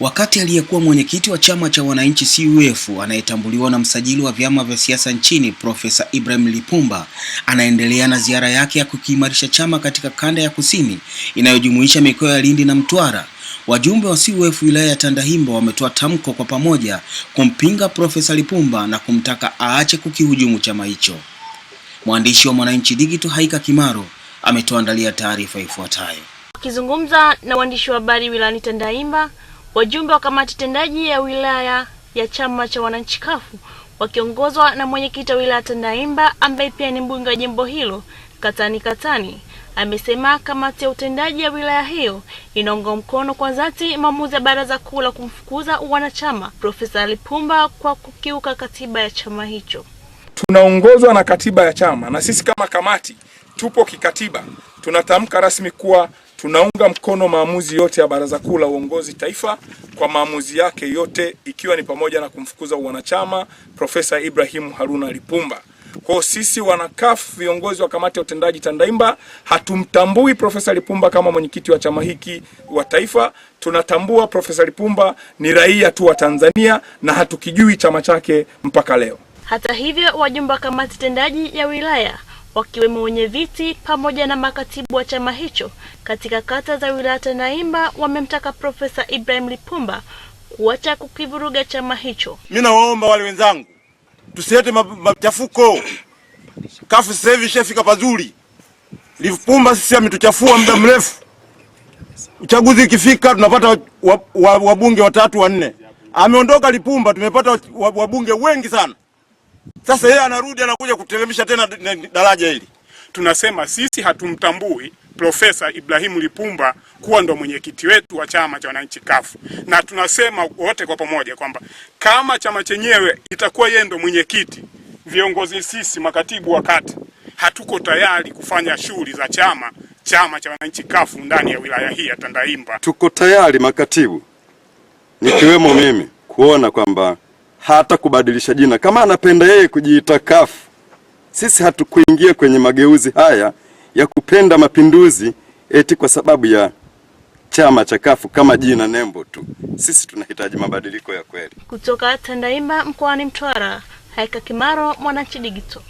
Wakati aliyekuwa mwenyekiti wa chama cha wananchi CUF anayetambuliwa na msajili wa vyama vya siasa nchini Profesa Ibrahim Lipumba anaendelea na ziara yake ya kukiimarisha chama katika kanda ya kusini inayojumuisha mikoa ya Lindi na Mtwara, wajumbe wa CUF wilaya ya Tandahimba wametoa tamko kwa pamoja kumpinga Profesa Lipumba na kumtaka aache kukihujumu chama hicho. Mwandishi wa Mwananchi Digital Haika Kimaro ametuandalia taarifa ifuatayo. Akizungumza na waandishi wa habari wilayani Tandahimba Wajumbe wa kamati tendaji ya wilaya ya chama cha wananchi kafu wakiongozwa na mwenyekiti wa wilaya Tandaimba ambaye pia ni mbunge wa jimbo hilo Katani Katani amesema kamati ya utendaji ya wilaya hiyo inaunga mkono kwa dhati maamuzi ya baraza kuu la kumfukuza wanachama Profesa Lipumba kwa kukiuka katiba ya chama hicho. Tunaongozwa na katiba ya chama na sisi kama kamati tupo kikatiba, tunatamka rasmi kuwa Tunaunga mkono maamuzi yote ya Baraza Kuu la Uongozi Taifa kwa maamuzi yake yote, ikiwa ni pamoja na kumfukuza wanachama Profesa Ibrahim Haruna Lipumba. Kwa sisi wanakaf viongozi wa kamati ya utendaji Tandaimba hatumtambui Profesa Lipumba kama mwenyekiti wa chama hiki wa taifa. Tunatambua Profesa Lipumba ni raia tu wa Tanzania na hatukijui chama chake mpaka leo. Hata hivyo, wajumbe wa kamati tendaji ya wilaya wakiwemo wenye viti pamoja na makatibu wa chama hicho katika kata za wilaya Tandahimba wamemtaka Profesa Ibrahim Lipumba kuacha kukivuruga chama hicho. Mimi nawaomba wale wenzangu, tusilete machafuko. Kafu sasa hivi ishafika pazuri. Lipumba sisi ametuchafua muda mrefu. Uchaguzi ukifika tunapata wabunge watatu wanne. Ameondoka Lipumba, tumepata wabunge wengi sana. Sasa yeye anarudi anakuja kuteremsha tena daraja hili. Tunasema sisi hatumtambui Profesa Ibrahimu Lipumba kuwa ndo mwenyekiti wetu wa chama cha wananchi kafu, na tunasema wote kwa pamoja kwamba kama chama chenyewe itakuwa yeye ndo mwenyekiti, viongozi sisi makatibu wa kata hatuko tayari kufanya shughuli za chama chama cha wananchi kafu ndani ya wilaya hii ya Tandahimba. Tuko tayari makatibu, nikiwemo mimi, kuona kwamba hata kubadilisha jina. Kama anapenda yeye kujiita CUF, sisi hatukuingia kwenye mageuzi haya ya kupenda mapinduzi eti kwa sababu ya chama cha CUF kama jina nembo tu. Sisi tunahitaji mabadiliko ya kweli. Kutoka Tandaimba mkoani Mtwara, Haika Kimaro, Mwananchi Digital.